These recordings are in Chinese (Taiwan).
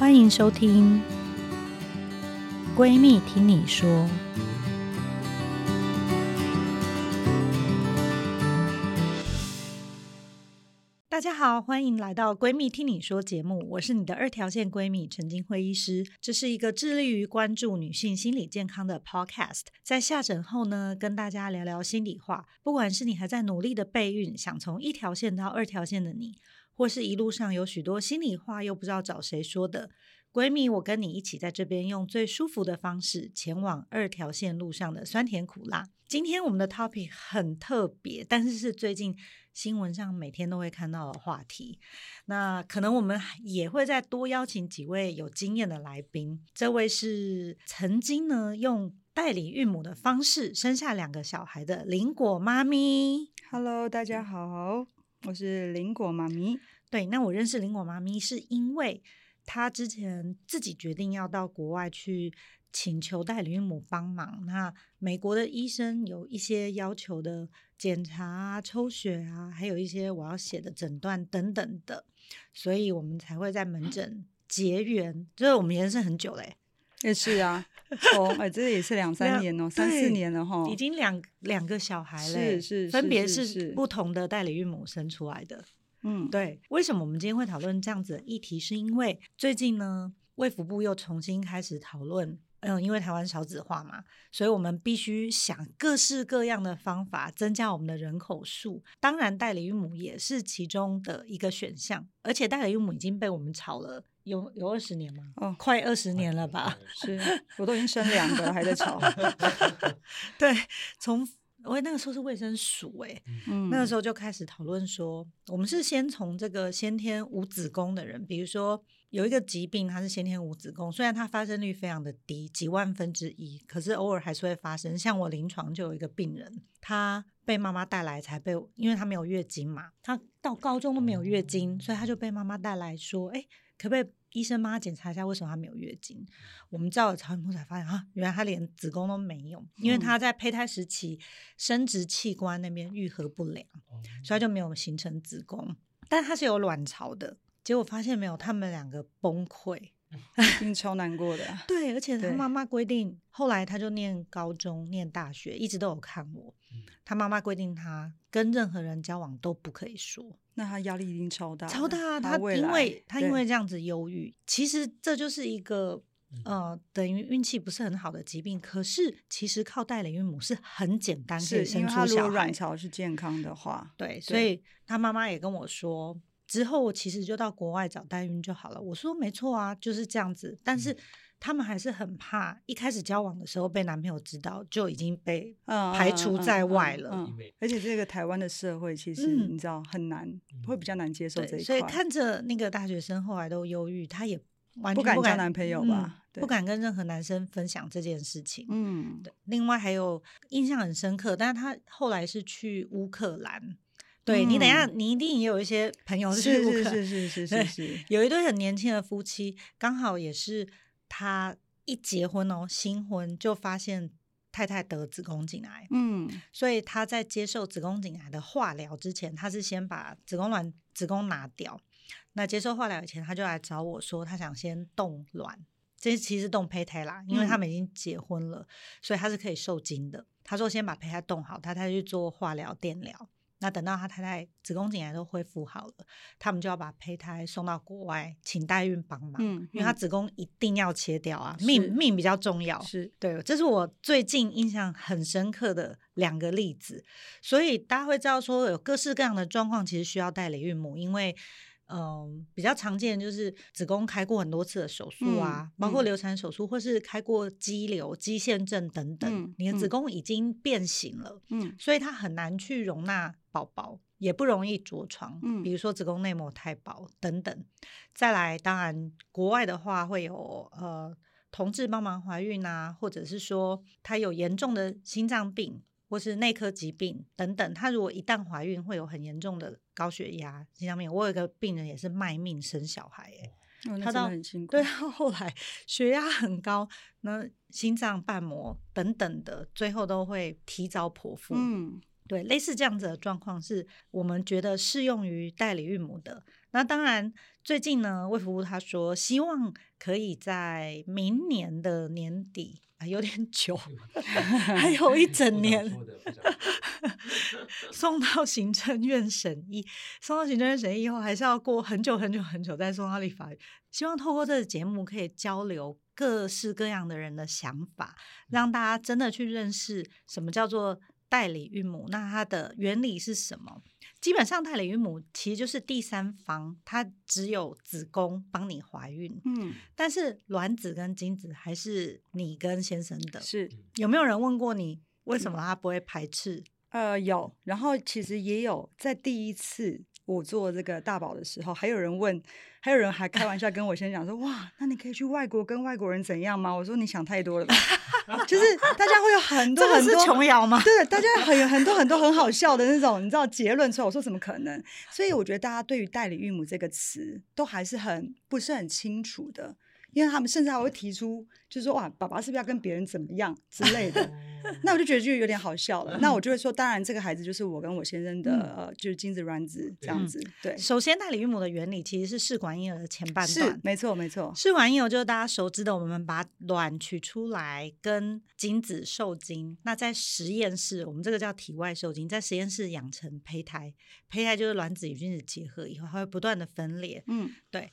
歡迎收聽《閨蜜聽你說》。大家好，歡迎來到《閨蜜聽你說》節目，我是你的二條線閨蜜陳菁徽醫師。這是一個致力於關注女性心理健康的 podcast，在下診後呢，跟大家聊聊心裡話。不管是你還在努力的備孕，想從一條線到二條線的你。或是一路上有許多心裡話，又不知道找誰說的閨蜜，我跟你一起在這邊用最舒服的方式，前往二條線路上的酸甜苦辣。今天我們的 topic 很特別，但是是最近新聞上每天都會看到的話題。那可能我們也會再多邀請幾位有經驗的來賓。這位是曾經呢用代理孕母的方式生下兩個小孩的林果媽咪。Hello，大家好。我是林果媽咪，對，那我認識林果媽咪是因為她之前自己決定要到國外去請求代理孕母幫忙。那美國的醫生有一些要求的檢查、啊、抽血啊，還有一些我要寫的診斷等等的，所以我們才會在門診結緣，嗯、就是我們延伸很久嘞、欸，也是啊。 哦，哎，這也是兩三年哦，三四年了哈，已經兩兩個小孩了，是是，是分別是不同的代理孕母生出來的，嗯，對。為什麼我們今天會討論這樣子的議題？是因為最近呢，衛福部又重新開始討論，嗯、呃，因為台灣少子化嘛，所以我們必須想各式各樣的方法增加我們的人口數。當然，代理孕母也是其中的一個選項，而且代理孕母已經被我們炒了。有有二十年嗎？哦，快二十年了吧？嗯、是，我都已經生兩個了， 還在吵。 對，從我那個時候是衛生署、欸，哎、嗯，那個時候就開始討論說，我們是先從這個先天無子宮的人，比如說有一個疾病，它是先天無子宮，雖然它發生率非常的低，幾萬分之一，可是偶爾還是會發生。像我臨床就有一個病人，他被媽媽帶來，才被，因為他沒有月經嘛，他到高中都沒有月經，嗯、所以他就被媽媽帶來說，哎，可不可以？醫生幫他檢查一下，為什麼她沒有月經？嗯、我們照了超音波才發現啊，原來他連子宮都沒有，因為他在胚胎時期生殖器官那邊愈合不良，嗯、所以就沒有形成子宮。但他是有卵巢的，結果發現沒有，他們兩個崩潰，嗯、超難過的。 對，而且他媽媽規定，對後來他就念高中、念大學，一直都有看我。嗯、他媽媽規定，他跟任何人交往都不可以說。那他壓力已經超大，超大，他，他因為對他因為這樣子憂鬱，其實這就是一個呃等於運氣不是很好的疾病。嗯、可是其實靠代理孕母是很簡單，是可以生出小孩，如果卵巢是健康的話，對。所以他媽媽也跟我說，對之後我其實就到國外找代孕就好了。我說沒錯啊，就是這樣子。但是。嗯他們還是很怕一開始交往的時候被男朋友知道，就已經被排除在外了。嗯嗯嗯嗯嗯嗯、而且這個台灣的社會，其實你知道很難，嗯、會比較難接受這一塊。所以看着那個大學生後來都憂鬱，他也完全不敢，不敢交男朋友吧，嗯、對不敢跟任何男生分享這件事情。嗯，另外還有印象很深刻，但是他後來是去烏克蘭。對、嗯、你等一下，你一定也有一些朋友是去烏克蘭。是是是，是是是是是，有一對很年輕的夫妻，剛好也是。他一結婚哦，新婚就發現太太得子宮頸癌，嗯，所以他在接受子宮頸癌的化療之前，他是先把子宮卵子宮拿掉。那接受化療以前，他就來找我說，他想先凍卵，這其實凍胚胎啦，因為他們已經結婚了，嗯、所以他是可以受精的。他說先把胚胎凍好，他才去做化療、電療。那等到他太太子宮頸癌都恢復好了，他們就要把胚胎送到國外，請代孕幫忙，嗯嗯、因為他子宮一定要切掉啊，是命命比較重要，是，對。這是我最近印象很深刻的兩個例子，所以大家會知道說有各式各樣的狀況，其實需要代理孕母，因為嗯、呃，比較常見的就是子宮開過很多次的手術啊，嗯、包括流產手術、嗯、或是開過肌瘤、肌腺症等等，嗯、你的子宮已經變形了，嗯、所以它很難去容納。也不容易着床，比如說子宮內膜太薄等等。嗯、再來，當然國外的話會有、呃、同志幫忙懷孕啊，或者是說她有嚴重的心臟病或是內科疾病等等。她如果一旦懷孕，會有很嚴重的高血壓心臟病。我有一個病人也是賣命生小孩、欸，她、哦、他真的很辛苦，對，他後來血壓很高，那心臟瓣膜等等的，最後都會提早剖腹，嗯對，類似這樣子的狀況是我們覺得適用於代理孕母的。那當然，最近呢，衛福部他說希望可以在明年的年底，啊、有點久，嗯、還有一整年，嗯、 送到行政院審議，送到行政院審議以後，還是要過很久很久很久再送到立法院。希望透過這個節目可以交流各式各樣的人的想法，嗯、讓大家真的去認識什麼叫做代理孕母，那它的原理是什麼？基本上代理孕母其實就是第三方，它只有子宮幫你懷孕，嗯，但是卵子跟精子還是你跟先生的。是有沒有人問過你為什麼他不會排斥？嗯、呃，有，然後其實也有在第一次我做這個大寶的時候，還有人問。還有人還開玩笑跟我先講說，哇，那你可以去外國跟外國人怎樣嗎？我說你想太多了吧。 就是大家會有很多很多瓊瑤嗎？對，大家會有很多很多很好笑的那種， 你知道結論出來，我說，怎麼可能？所以我覺得大家對於代理孕母這個詞都還是很不是很清楚的。因為他們甚至還會提出，就是說哇，爸爸是不是要跟別人怎麼樣之類的？ 那我就覺得就有點好笑了。 那我就會說，當然這個孩子就是我跟我先生的，嗯、呃，就是精子卵子這樣子。對，嗯、對，首先代理孕母的原理其實是試管嬰兒的前半段，沒錯沒錯。試管嬰兒就是大家熟知的，我們把卵取出來跟精子受精，那在實驗室我們這個叫體外受精，在實驗室養成胚胎，胚胎就是卵子與精子結合以後，它會不斷的分裂。嗯，對。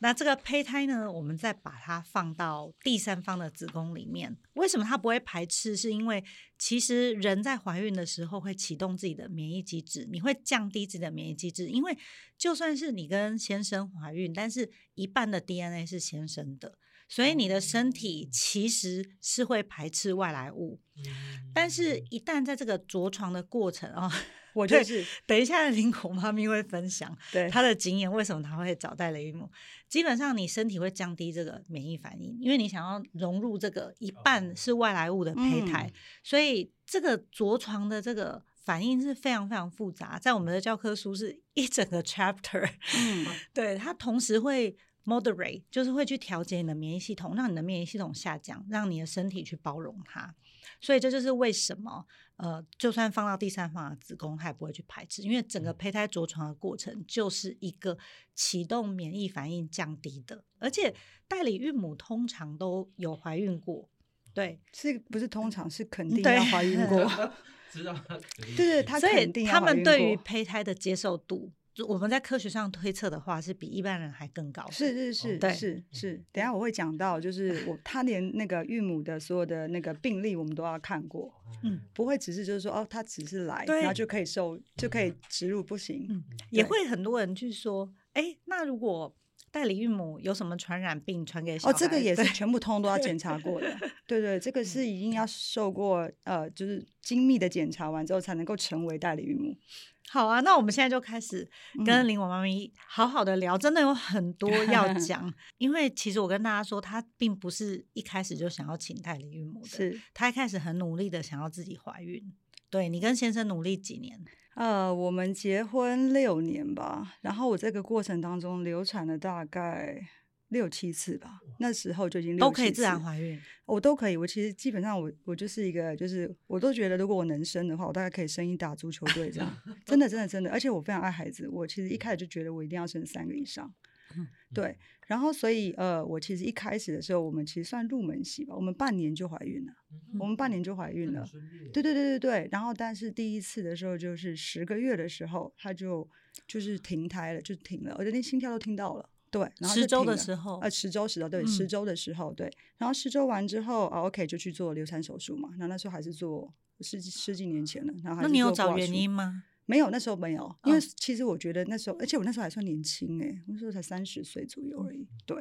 那這個胚胎呢，我們再把它放到第三方的子宮裡面，為什麼它不會排斥？是因為其實人在懷孕的時候會啟動自己的免疫機制，你會降低自己的免疫機制，因為就算是你跟先生懷孕，但是一半的 DNA 是先生的，所以你的身體其實是會排斥外來物，嗯嗯嗯。但是一旦在這個着床的過程啊。哦我就是對等一下，林果媽咪會分享對她的經驗，為什麼她會找代理孕母？對基本上，你身體會降低這個免疫反應，因為你想要融入這個一半是外來物的胚胎，okay. 嗯、所以這個着床的這個反應是非常非常複雜，在我們的教科書是一整個 chapter、嗯。 對，它同時會 moderate，就是會去調節你的免疫系統，讓你的免疫系統下降，讓你的身體去包容它，所以這就是為什麼。呃，就算放到第三方的子宮，它也不會去排斥，因為整個胚胎着床的過程就是一個啟動免疫反應降低的，而且代理孕母通常都有懷孕過，對，是不是通常是肯定要懷孕過？知道，對對，他肯定要懷孕過，所以他們對於胚胎的接受度。我們在科學上推測的話，是比一般人還更高。是是是，哦、對是是。等一下我會講到，就是我、嗯、他連那個孕母的所有的那個病例，我們都要看過。嗯，不會只是就是說哦，他只是來，對然後就可以受、嗯、就可以植入，不行。嗯、對也會很多人去說，哎、欸，那如果代理孕母有什麼傳染病傳給小孩哦，這個也是全部通通都要檢查過的。對對，對，對對，這個是一定要受過呃，就是精密的檢查完之後，才能夠成為代理孕母。好啊，那我們現在就開始跟林果媽咪好好的聊，嗯、真的有很多要講。 因為其實我跟大家說，她並不是一開始就想要請代理孕母的，是她一開始很努力的想要自己懷孕。對，你跟先生努力幾年？呃，我們結婚六年吧，然後我這個過程當中流產了大概。六七次吧，那時候就已經六七次都可以自然懷孕、哦，我都可以。我其實基本上我，我我就是一個，就是我都覺得，如果我能生的話，我大概可以生一打足球隊這樣。 真的，真的，真的，而且我非常愛孩子，我其實一開始就覺得我一定要生三個以上。嗯、對，然後所以呃，我其實一開始的時候，我們其實算入門級吧，我們半年就懷孕了，嗯、哼我們半年就懷孕了。對、嗯、哼對對對對。然後，但是第一次的時候，就是十個月的時候，他就就是停胎了，就停了，我就連心跳都聽到了。對，然後十周的時候，呃，十周時候對，嗯、十周的時候，對，然後十周完之後、啊，OK，就去做流產手術嘛。然後那時候還是做，十，十十幾年前了，然後還是做。那你有找原因嗎？沒有，那時候沒有，因為其實我覺得那時候，而且我那時候還算年輕哎、欸，我那時候才三十歲左右而已。嗯、對，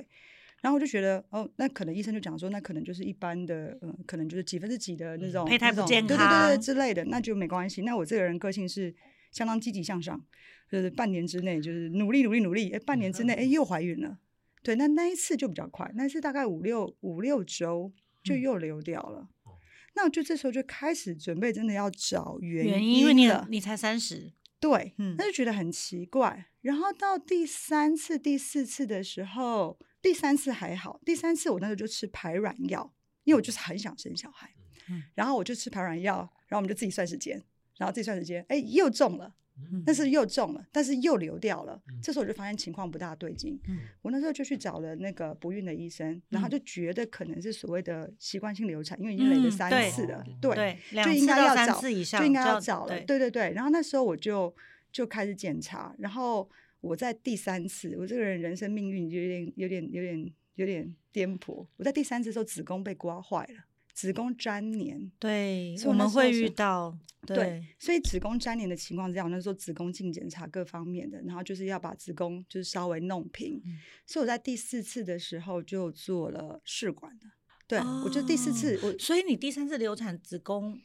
然後我就覺得，哦，那可能醫生就講說，那可能就是一般的，嗯、呃，可能就是幾分之幾的那種胚、嗯、種胎不健康，對對對，對之類的，那就沒關係。那我這個人個性是相當積極向上。就是半年之內，就是努力努力努力，哎，半年之內，哎，又懷孕了。對，那那一次就比較快，那一次大概五六五六週就又流掉了。那我就這時候就開始準備，真的要找原因了。原因，因為你，你才三十，對，那就覺得很奇怪。然後到第三次、第四次的時候，第三次還好，第三次我那時候就吃排卵藥，因為我就是很想生小孩。嗯，然後我就吃排卵藥，然後我們就自己算時間，然後自己算時間，哎，又中了。但是、嗯、又中了，但是又流掉了。嗯、這時候我就發現情況不大對勁。嗯、我那時候就去找了那個不孕的醫生，嗯、然後就覺得可能是所謂的習慣性流產，因為已經來了三次了。嗯、對，對對對，就應該要找，就應該要找了。對，對對對。然後那時候我就就開始檢查，然後我在第三次，我這個人人生命運就有點、有點、有點、有點、有點顛簸。我在第三次的時候子宮被刮壞了。子宮粘連，對，我，我們會遇到，對，對所以子宮粘連的情況，下，我那時候子宮鏡檢查各方面的，然後就是要把子宮就是稍微弄平，嗯、所以我在第四次的時候就做了試管對，哦、我就第四次，我，所以你第三次流產子宮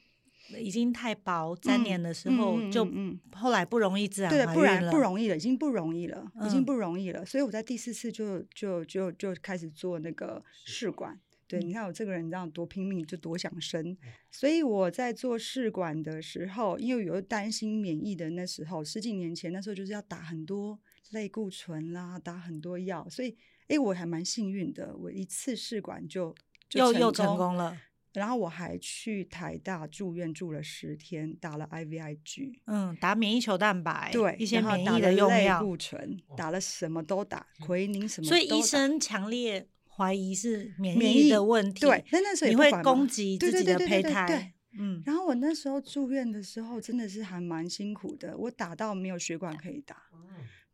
已經太薄粘連的時候、嗯嗯嗯嗯、就，後來不容易自然懷不、嗯、了，不，然嗯、不容易了，已經不容易了，已經不容易了，嗯、所以我在第四次就就就就開始做那個試管。對，你看我這個人，你知道多拼命，就多想生。所以我在做試管的時候，因為有擔心免疫的，那時候十幾年前，那時候就是要打很多類固醇啦，打很多藥。所以，哎，我還蠻幸運的，我一次試管就，就又又成功了。然後我還去台大住院住了十天，打了 IVIG，嗯，打免疫球蛋白，對，一些免疫的用藥，類固醇，哦、打了什麼都打，奎是寧什麼。所以醫生強烈。懷疑是免疫的問題，對，那那時候你會攻擊自己的胚胎，嗯。然後我那時候住院的時候，真的是還蠻辛苦的，我打到沒有血管可以打，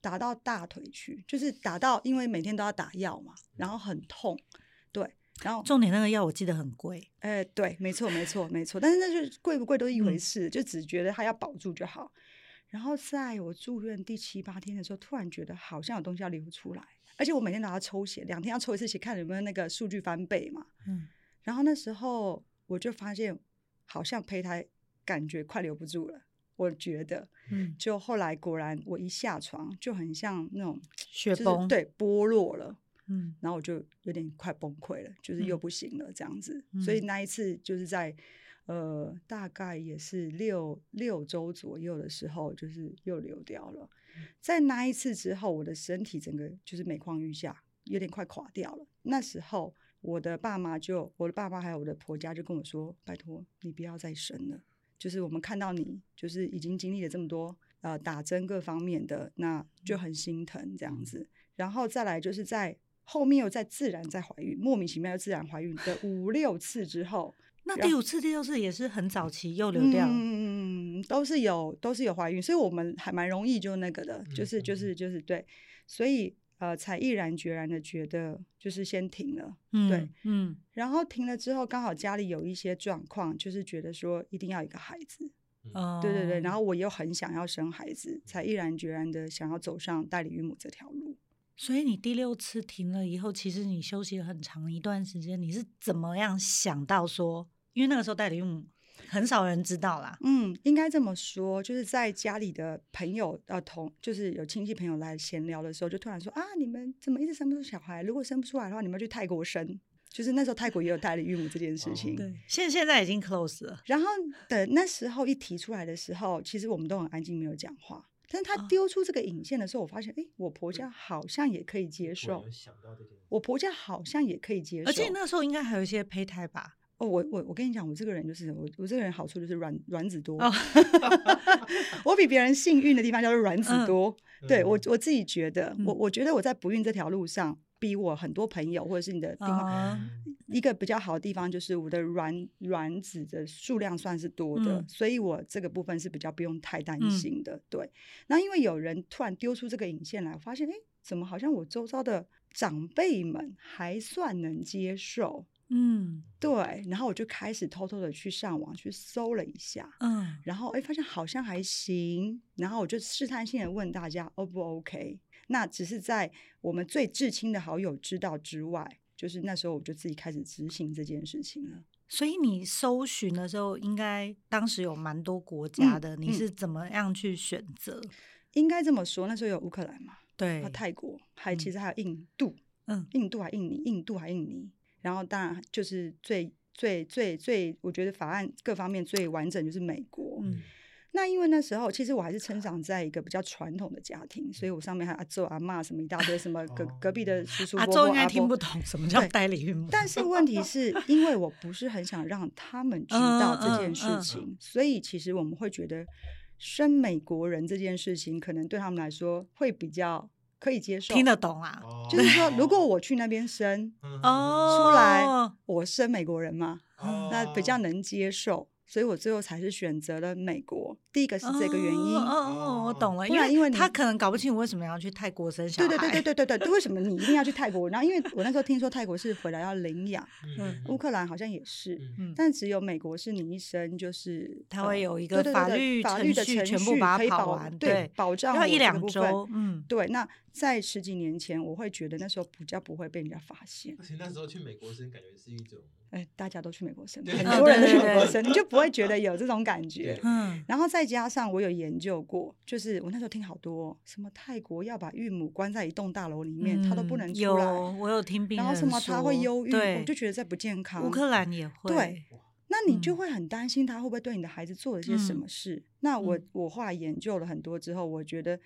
打到大腿去，就是打到，因為每天都要打藥嘛，然後很痛，對。然後重點那個藥我記得很貴，哎、呃，對，沒錯，沒錯，沒錯。但是那就貴不貴都一回事，嗯、就只覺得它要保住就好。然後在我住院第七八天的時候，突然覺得好像有東西要流出來。而且我每天都要抽血，兩天要抽一次血，看有沒有那個數據翻倍嘛。嗯。然後那時候我就發現，好像胚胎感覺快留不住了。我覺得，嗯。就後來果然，我一下床就很像那種血崩，就是，對，剝落了。嗯。然後我就有點快崩潰了，就是又不行了這樣子。嗯、所以那一次就是在，呃，大概也是六六週左右的時候，就是又流掉了。在那一次之後，我的身體整個就是每況愈下，有點快垮掉了。那時候，我的爸媽就，我的爸爸還有我的婆家就跟我說：“拜托，你不要再生了。”就是我們看到你，就是已經經歷了這麼多，呃，打針各方面的，那就很心疼這樣子。嗯。然後再來，就是在後面又再自然再懷孕，莫名其妙又自然懷孕的五， 五六次之後，那第五次第六次也是很早期又流掉。嗯。嗯、都是有都是有懷孕，所以我們還蠻容易就那個的，嗯、就是就是就是對，所以呃才毅然決然的覺得就是先停了，對嗯，對嗯，然後停了之後剛好家裡有一些狀況，就是覺得說一定要一個孩子，嗯、對對對，然後我又很想要生孩子，嗯、才毅然決然的想要走上代理孕母這條路。所以你第六次停了以後，其實你休息了很長一段時間，你是怎麼樣想到說，因為那個時候代理孕母。很少人知道啦，嗯，應該這麼說，就是在家裡的朋友呃、啊、同，就是有親戚朋友來閒聊的時候，就突然說啊，你們怎麼一直生不出小孩？如果生不出來的話，你們要去泰國生，就是那時候泰國也有代理孕母這件事情。嗯、對，現在現在已經 close 了。然後等那時候一提出來的時候，其實我們都很安靜，沒有講話。但是他丟出這個引線的時候，我發現，哎、欸，我婆家好像也可以接受。我，我婆家好像也可以接受，而且那時候應該還有一些胚胎吧。哦，我我我跟你講，我這個人就是我我這個人好處就是卵卵子多，哦、 我比別人幸運的地方叫做卵子多。嗯、對我我自己覺得，嗯、我我覺得我在不孕這條路上，比我很多朋友或者是你的地方，嗯、一個比較好的地方就是我的卵卵子的數量算是多的，嗯、所以我這個部分是比較不用太擔心的。對，那、嗯、因為有人突然丟出這個引線來，我發現哎，怎麼好像我周遭的長輩們還算能接受。嗯，對，然後我就開始偷偷的去上網去搜了一下，嗯，然後哎，發現好像還行，然後我就試探性的問大家 O、嗯哦、不 OK？那只是在我們最至親的好友知道之外，就是那時候我就自己開始執行這件事情了。所以你搜尋的時候，應該當時有蠻多國家的，嗯嗯、你是怎麼樣去選擇？應該這麼說，那時候有烏克蘭嘛，對，泰國，還其實還有印度，嗯，印度還印尼，印度還印尼。然後，當然就是最最最最，我覺得法案各方面最完整就是美國。嗯、那因為那時候其實我還是成長在一個比較傳統的家庭，嗯、所以我上面還有阿祖阿嬤什麼一大堆，什麼隔、哦、隔壁的叔叔伯伯、嗯、阿祖應該聽不懂、嗯、什麼叫代理孕母。對嗯、但是問題是，因為我不是很想讓他們知道這件事情，嗯嗯嗯嗯、所以其實我們會覺得生美國人這件事情，可能對他們來說會比較。可以接受，聽得懂啊，就是說，如果我去那邊生，哦，出來我生美國人嘛，那比較能接受。所以我最後才是選擇了美國，第一個是這個原因。哦，我懂了，因為因為他可能搞不清為什麼要去泰國生小孩。對對對對對對對，為什麼你一定要去泰國？然後因為我那時候聽說泰國是回來要領養，烏克蘭好像也是，但只有美國是你一生就是他會有一個法律法律的程序全部把它跑完，對，保障我。要一兩週。嗯，對。那在十幾年前，我會覺得那時候比較不會被人家發現。而且那時候去美國生，感覺是一種。哎，大家都去美國生，很多人都去美國生，對對對對，你就不會覺得有這種感覺。嗯， 然後再加上我有研究過，就是我那時候聽好多什麼泰國要把孕母關在一棟大樓裡面，嗯、他都不能出來。有，我有聽病人說。然後什麼他會憂鬱，對我就覺得這不健康。烏克蘭也會。對，那你就會很擔心他會不會對你的孩子做了些什麼事？嗯、那我我後來研究了很多之後，我覺得。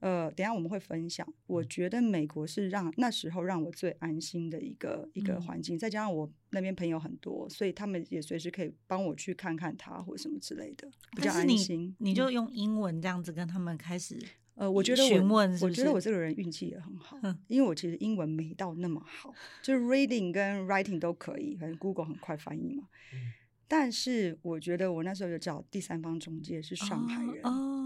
呃，等一下我們會分享。我覺得美國是讓那時候讓我最安心的一個一個環境，嗯、再加上我那邊朋友很多，所以他們也隨時可以幫我去看看他或什麼之類的，比較安心。你就用英文這樣子跟他們開始詢問、嗯。呃，我覺得我，是不是我覺得我這個人運氣也很好，嗯、因為我其實英文沒到那麼好，就是 reading 跟 writing 都可以，反正 Google 很快翻譯嘛。嗯、但是我覺得我那時候有找第三方中介，是上海人。哦哦。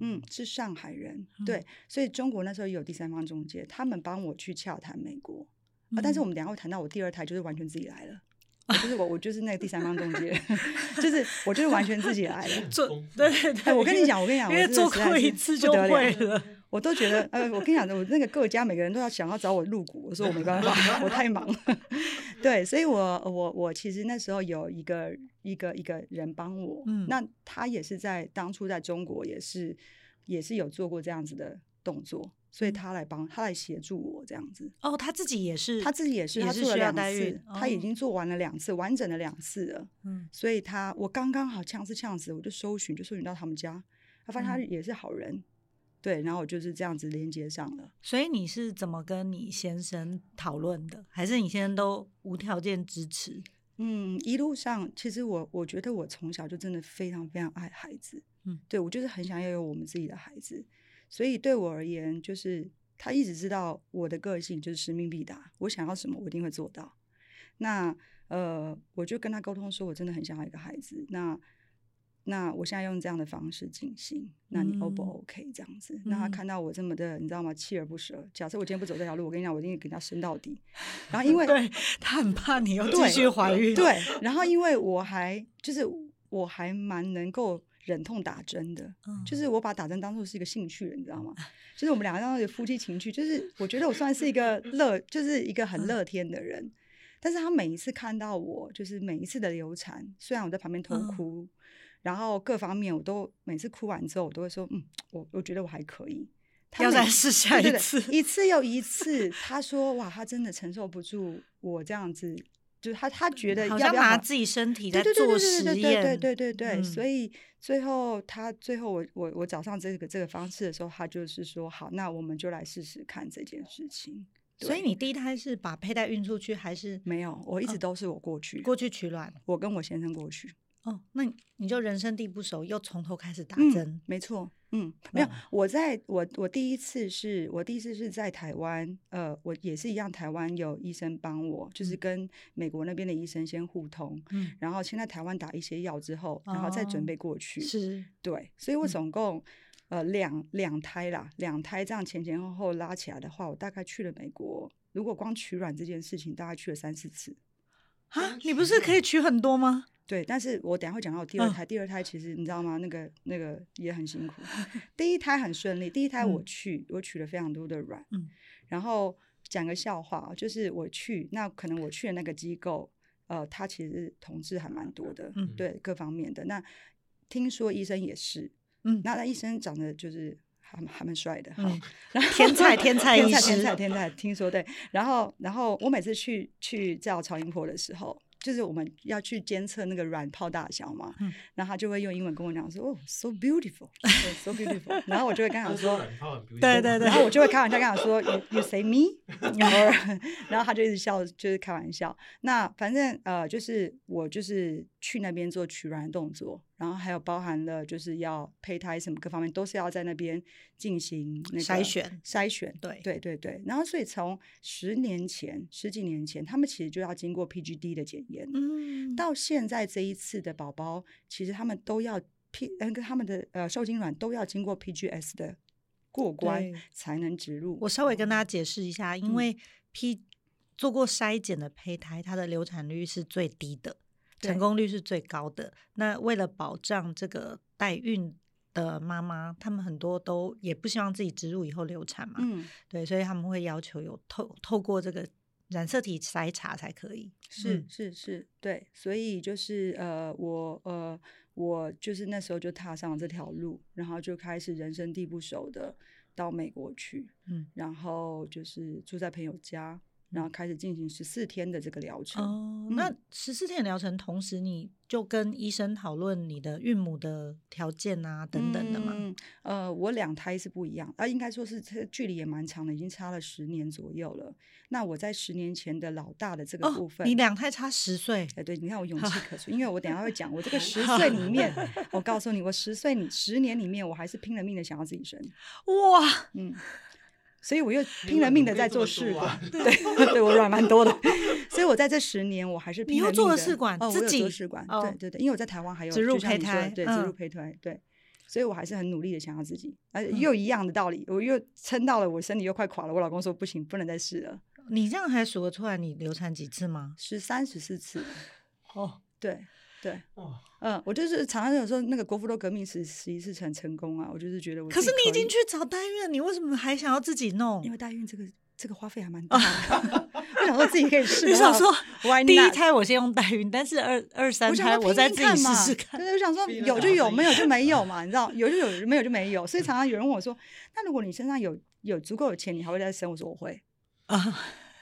嗯，是上海人，嗯、對，所以中國那時候有第三方中介，嗯、他們幫我去洽談美國、嗯、啊。但是我們等下會談到我第二胎，就是完全自己來了，嗯、就是我，我就是那個第三方中介， 就是我就是完全自己來了，做對對對，我跟你講，你就我跟你講，因為做過一次就會了。 我都覺得，呃，我跟你講，我那個各家每個人都要想要找我入股，我說我沒辦法， 我太忙了。 對，所以我我我其實那時候有一個一個一個人幫我，嗯，那他也是在當初在中國也是也是有做過這樣子的動作，所以他來幫，嗯、他來幫他來協助我這樣子。哦，他自己也是，他自己也是，也是他做了兩次，哦、他已經做完了兩次，完整了兩次了。嗯，所以他我剛剛好嗆死嗆死，我就搜尋就搜尋到他們家，他發現他也是好人。嗯對，然後就是這樣子連接上了。所以你是怎麼跟你先生討論的？還是你先生都無條件支持？嗯，一路上其實我我覺得我從小就真的非常非常愛孩子。嗯，對，我就是很想要有我們自己的孩子。對所以對我而言，就是他一直知道我的個性就是使命必達，我想要什麼我一定會做到。那呃，我就跟他溝通，說我真的很想要一個孩子。那那我現在用這樣的方式進行，那你 O 不 OK 這樣子？嗯、那他看到我這麼的，你知道嗎？鍥而不捨。假設我今天不走這條路，我跟你講，我一定給他生到底。然後，因為 對他很怕你又繼續懷孕。對。對。然後，因為我還就是我還蠻能夠忍痛打針的，嗯、就是我把打針當作是一個興趣，你知道嗎？就是我們兩個當作是夫妻情趣，就是我覺得我算是一個樂，就是一個很樂天的人。嗯、但是他每一次看到我，就是每一次的流產，雖然我在旁邊偷哭。嗯然後各方面我都每次哭完之後，我都會說，嗯，我我覺得我還可以。他要再試下一次，對對對，一次又一次。 他說，哇，他真的承受不住我這樣子，就他他覺得要不要好，好像拿自己身體在做實驗，對對對對對對對對，對、嗯、所以最後他最後我我我找上這個這個方式的時候，他就是說，好，那我們就來試試看這件事情。所以你第一胎是把胚胎運出去還是沒有？我一直都是我過去、哦，過去取卵，我跟我先生過去。哦，那你就人生地不熟，又從頭開始打針。嗯，沒錯。嗯，嗯沒有，我在我我第一次是我第一次是在台灣，呃，我也是一樣，台灣有醫生幫我，嗯、就是跟美國那邊的醫生先互通，嗯、然後先在台灣打一些藥之後，然後再準備過去。是、哦，對，所以我總共呃兩兩胎啦，兩、嗯、胎這樣前前後後拉起來的話，我大概去了美國。如果光取卵這件事情，大概去了三四次。啊，你不是可以取很多嗎？對，但是我等下會講到第二胎，嗯、第二胎其實你知道嗎？那個那個也很辛苦，第一胎很順利。第一胎我去，嗯、我取了非常多的卵，嗯、然後講個笑話就是我去，那可能我去的那個機構，呃，他其實同志還蠻多的，嗯、對，各方面的。那聽說醫生也是，嗯，那他醫生長得就是還還蠻帥的，哈、嗯， 天才天才醫生，天才天才，聽說對。然後然後我每次去去照超音波的時候。就是我們要去監測那個卵泡大小嘛，嗯、然後他就會用英文跟我講說，哦、oh,，so beautiful，so beautiful，,、oh, so beautiful 然後我就會跟他說， 對對對，然後我就會開玩笑跟他說 ，you you say me，然後，然後他就一直笑，就是開玩笑。那反正呃，就是我就是。去那邊做取卵動作，然後還有包含了就是要胚胎什麼各方面都是要在那邊進行那個篩選篩選，對對對對。然後所以從十年前十幾年前，他們其實就要經過 PGD 的檢驗，嗯，到現在這一次的寶寶，其實他們都要 P，嗯、呃，他們的呃受精卵都要經過 PGS 的過關才能植入。我稍微跟大家解釋一下，因為 P、嗯、做過篩檢的胚胎，它的流產率是最低的。成功率是最高的。對那為了保障這個代孕的媽媽，她們很多都也不希望自己植入以後流產嘛？嗯，對，所以她們會要求有透透過這個染色體篩查才可以。是、嗯、是是，對。所以就是呃，我呃我就是那時候就踏上了這條路，然後就開始人生地不熟的到美國去，嗯，然後就是住在朋友家。然後開始進行十四天的這個療程。哦，嗯、那十四天的療程，同時你就跟醫生討論你的孕母的條件啊、嗯、等等的嗎？嗯，呃，我兩胎是不一樣，啊、呃，應該說是這距離也蠻長的，已經差了十年左右了。那我在十年前的老大的這個部分，哦、你兩胎差十歲？哎，對，你看我有跡可循， 因為我等一下會講，我這個十歲裡面， 我告訴你，我十歲 十年裡面，我還是拼了命的想要自己生。哇，嗯。所以我又拼了命的在做試管，對對，我卵蠻多的，所以我在這十年我還是拼了命的。你又做了試管，自己做試管，對對對，因為我在台灣還有植入胚胎，對，植入胚胎，對，所以我還是很努力的想要自己，而又一樣的道理，我又撐到了我身體又快垮了，我老公說不行，不能再試了。你這樣還數得出來你流產幾次嗎？十三十四次，哦，對。對，嗯，我就是常常有時候那個國父都革命十十一次成功啊，我就是覺得我可。可是你已經去找代孕了，你為什麼還想要自己弄？因為代孕這個這個花費還蠻大的， 我想說自己可以試。我想說，Why not? 第一胎我先用代孕，但是二二三胎我再自己試試看。是我想說，試試想說有就有，沒有就沒有嘛， 你知道，有就有，沒有就沒有。所以常常有人問我說，那如果你身上有有足夠的錢，你還會再生？我說我會啊。Uh.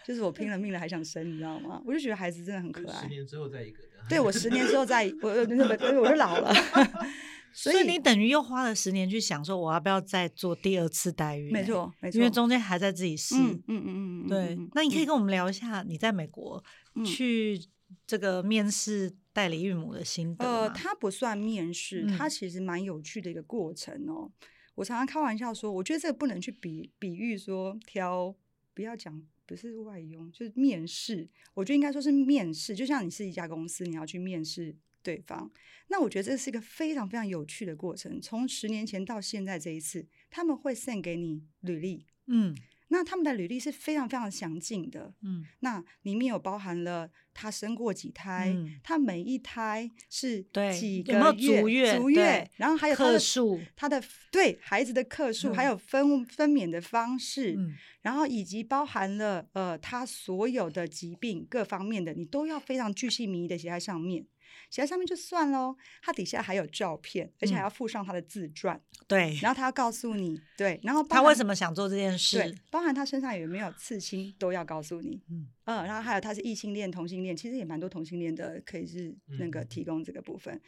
就是我拼了命了還想生，你知道嗎？我就覺得孩子真的很可愛。十年之後再一個人，對 我十年之後再我就我就老了。 所以，所以你等於又花了十年去想說，我要不要再做第二次代孕、欸？沒錯，沒錯，因為中間還在自己試、嗯。嗯嗯嗯對。嗯，那你可以跟我們聊一下，你在美國去這個面試代理孕母的心得、嗯。呃，他不算面試，他其實蠻有趣的一個過程哦、喔。我常常開玩笑說，我覺得這個不能去比比喻說挑，不要講。不是外傭，就是面試。我覺得應該說是面試，就像你是一家公司，你要去面試對方。那我覺得這是一個非常非常有趣的過程。從十年前到現在，這一次他們會 send 給你履歷，嗯。那他們的履歷是非常非常詳盡的，嗯，那裡面有包含了他生過幾胎，嗯、他每一胎是幾個月，有沒有足月，足月對然後還有他的數，數他的對孩子的克數，嗯、還有分分娩的方式，嗯、然後以及包含了呃他所有的疾病各方面的，你都要非常巨細靡遺的寫在上面。寫在上面就算嘍，他底下還有照片，而且還要附上他的自傳。嗯、對，然後他要告訴你，對，然後他為什麼想做這件事？對，包含他身上有沒有刺青都要告訴你。嗯，嗯，然後還有他是異性戀、同性戀，其實也蠻多同性戀的可以是那個提供這個部分。嗯、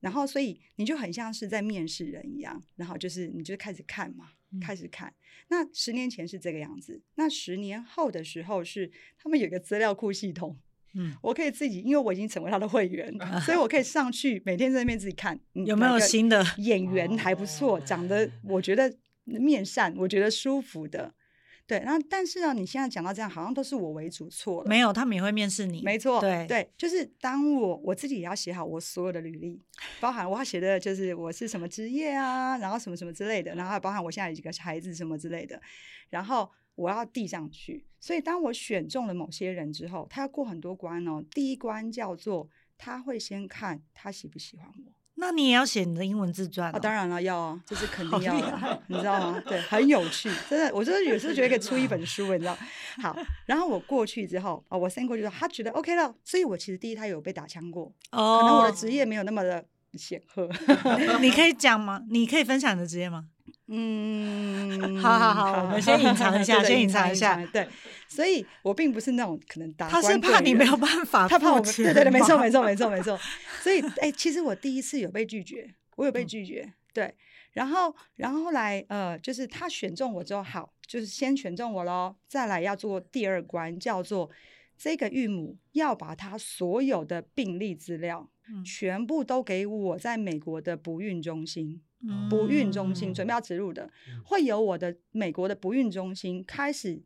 然後，所以你就很像是在面試人一樣，然後就是你就開始看嘛，嗯、開始看。那十年前是這個樣子，那十年後的時候是他們有一個資料庫系統。嗯，我可以自己，因為我已經成為他的會員，嗯、所以我可以上去每天在那邊自己看、嗯、有沒有新的演員，還不錯，的長得我覺得面善，哦、我覺得舒服的。對，那但是呢、啊，你現在講到這樣，好像都是我為主錯了。沒有，他們也會面試你。沒錯，對對，就是當我我自己也要寫好我所有的履歷，包含我要寫的就是我是什麼職業啊，然後什麼什麼之類的，然後還包含我現在有幾個孩子什麼之類的，然後。我要遞上去，所以當我選中了某些人之後，他要過很多關哦。第一關叫做，他會先看他喜不喜歡我。那你也要寫你的英文自傳、哦哦、當然了，要哦，這、就是肯定要， 好厲害你知道嗎？對，很有趣，真的，我真的有時候覺得可以出一本書， 你知道嗎？好，然後我過去之後，哦，我先過去說他覺得 OK 了，所以我其實第一胎他有被打槍過，oh. 可能我的職業沒有那麼的顯赫。 你可以講嗎？你可以分享你的職業嗎？嗯，好，好，好，好，好，好，好，我們先隱藏一下，先隱藏一下。 對，所以，我並不是那種可能達官貴人，他是怕你沒有辦法，他怕我們對，對對對，沒錯，沒錯，沒錯，沒錯。 所以，哎、欸，其實我第一次有被拒絕，我有被拒絕，嗯、對。然後，然後後來，呃，就是他選中我之後，好，就是先選中我嘍，再來要做第二關，叫做這個孕母要把他所有的病歷資料，全部都給我在美國的不孕中心。嗯嗯、不孕中心、嗯、準備要植入的，嗯、會由我的美國的不孕中心開始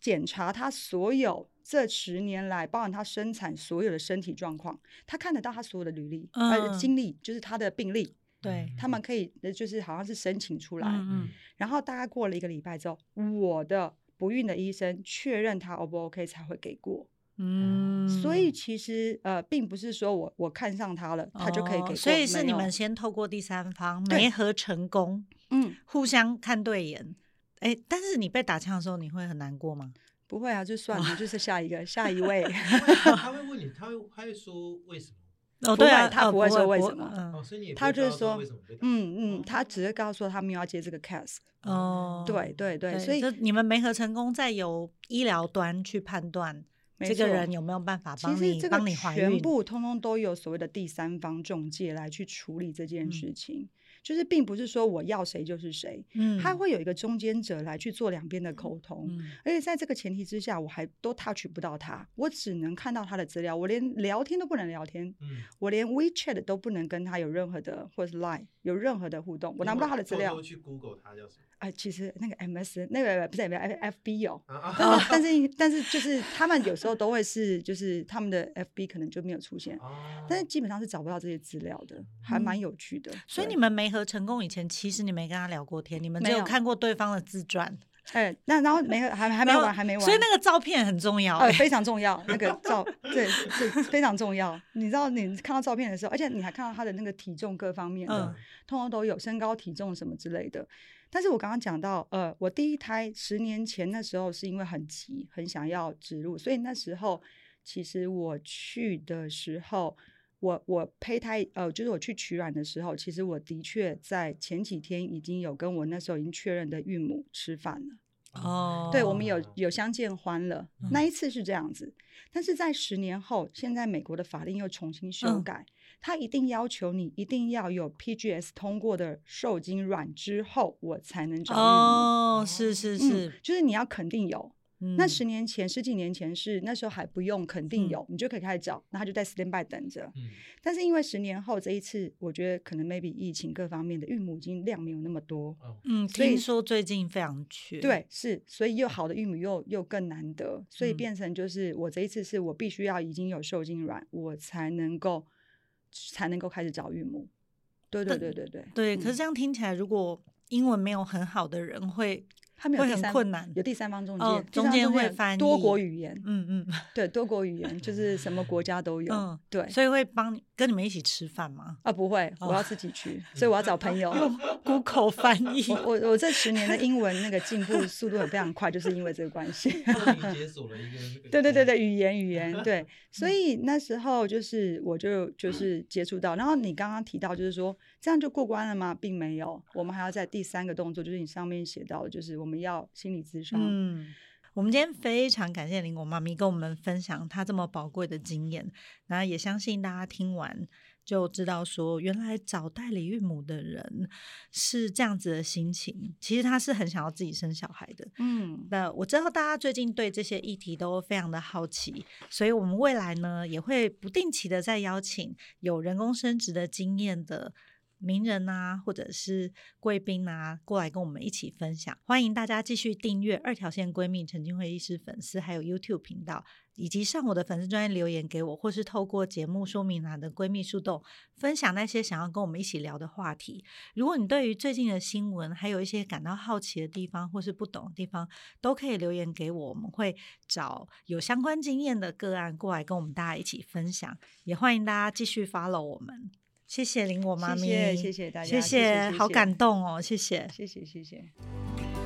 檢查他所有這十年來，包含他生產所有的身體狀況，他看得到他所有的履歷、嗯、呃經歷，就是他的病歷。對、嗯，他們可以就是好像是申請出來，嗯、然後大概過了一個禮拜之後，我的不孕的醫生確認他 O、哦、不 OK、哦、才會給過。嗯，所以其實呃，並不是說我我看上他了，他就可以給。所以是你們先透過第三方媒合成功，嗯，互相看對眼。哎，但是你被打槍的時候，你會很難過嗎？不會啊，就算了，就是下一個下一位。他會問你，他會他會說為什麼？哦，對啊，他不會說為什麼，嗯，他就是說為什麼嗯嗯，他只是告訴他們要接這個 case。哦，對對對，所以你們媒合成功，再由醫療端去判斷這個人有沒有辦法幫你幫你懷孕？其實這個全部通通都有所謂的第三方中介來去處理這件事情。嗯就是並不是說我要誰就是誰，嗯，他會有一個中間者來去做兩邊的溝通，而且在這個前提之下，我還都 touch 不到他，我只能看到他的資料，我連聊天都不能聊天，嗯，我連 WeChat 都不能跟他有任何的，或是 Line 有任何的互動，我拿不到他的資料。去 Google 他叫誰？哎，其實那個 M S 那個不是，f F B 有，但是但是但是就是他們有時候都會是，就是他們的 F B 可能就沒有出現，但是基本上是找不到這些資料的，還蠻有趣的。所以你們沒。和成功以前，其實你沒跟他聊過天，你們只有看過對方的自傳。哎有、 欸，那然後沒還還沒完還沒完，後沒完，所以那個照片很重要、欸呃，非常重要。那個照， 對對，對，非常重要。 你知道，你看到照片的時候，而且你還看到他的那個體重各方面的，嗯、通通都有身高、體重什麼之類的。但是我剛剛講到，呃，我第一胎十年前那時候是因為很急，很想要植入，所以那時候其實我去的時候。我我胚胎呃，就是我去取卵的時候，其實我的確在前幾天已經有跟我那時候已經確認的孕母吃飯了。哦，oh. 對，我們有有相見歡了。嗯、那一次是這樣子，但是在十年後，現在美國的法令又重新修改，他、嗯、一定要求你一定要有 PGS 通過的受精卵之後，我才能找孕母。哦，oh. oh. 是是是、嗯，就是你要肯定有。那十年前、嗯、十幾年前是那時候還不用，肯定有，嗯、你就可以開始找，那他就在 standby 等着。嗯、但是因為十年後這一次，我覺得可能 maybe 疫情各方面的孕母已經量沒有那麼多。嗯，所以聽說最近非常缺。對，是，所以又好的孕母又又更難得，所以變成就是我這一次是我必須要已經有受精卵，我才能夠才能夠開始找孕母。對對對對對。對，可是這樣聽起來，嗯、如果英文沒有很好的人會。他們有會很困難，有第三方中介，哦，中間會翻中間多國語言。嗯嗯，嗯對，多國語言就是什麼國家都有。嗯、對，所以會幫跟你們一起吃飯嗎？啊，不會，我要自己去，哦，所以我要找朋友用 Google 翻譯。我我這十年的英文那個進步速度也非常快， 就是因為這個關係。 對對對對，對，語言語言對，所以那時候就是我就就是接觸到，然後你剛剛提到就是說。這樣就過關了嗎？並沒有，我們還要在第三個動作，就是你上面寫到的，就是我們要心理諮詢。嗯，我們今天非常感謝林果媽咪跟我們分享她這麼寶貴的經驗，然後也相信大家聽完就知道，說原來找代理孕母的人是這樣子的心情。其實她是很想要自己生小孩的。嗯，那我知道大家最近對這些議題都非常的好奇，所以我們未來呢也會不定期的再邀請有人工生殖的經驗的。名人啊，或者是貴賓啊，過來跟我們一起分享。歡迎大家繼續訂閱二條線閨蜜陳菁徽醫師粉絲，還有 YouTube 頻道，以及上我的粉絲專頁留言給我，或是透過節目說明欄、啊、的閨蜜樹洞，分享那些想要跟我們一起聊的話題。如果你對於最近的新聞，還有一些感到好奇的地方，或是不懂的地方，都可以留言給我。我們會找有相關經驗的個案過來跟我們大家一起分享。也歡迎大家繼續 follow 我們。謝謝林果媽咪，謝謝，謝謝大家，謝謝，謝謝好感動哦，謝謝，謝謝，謝謝。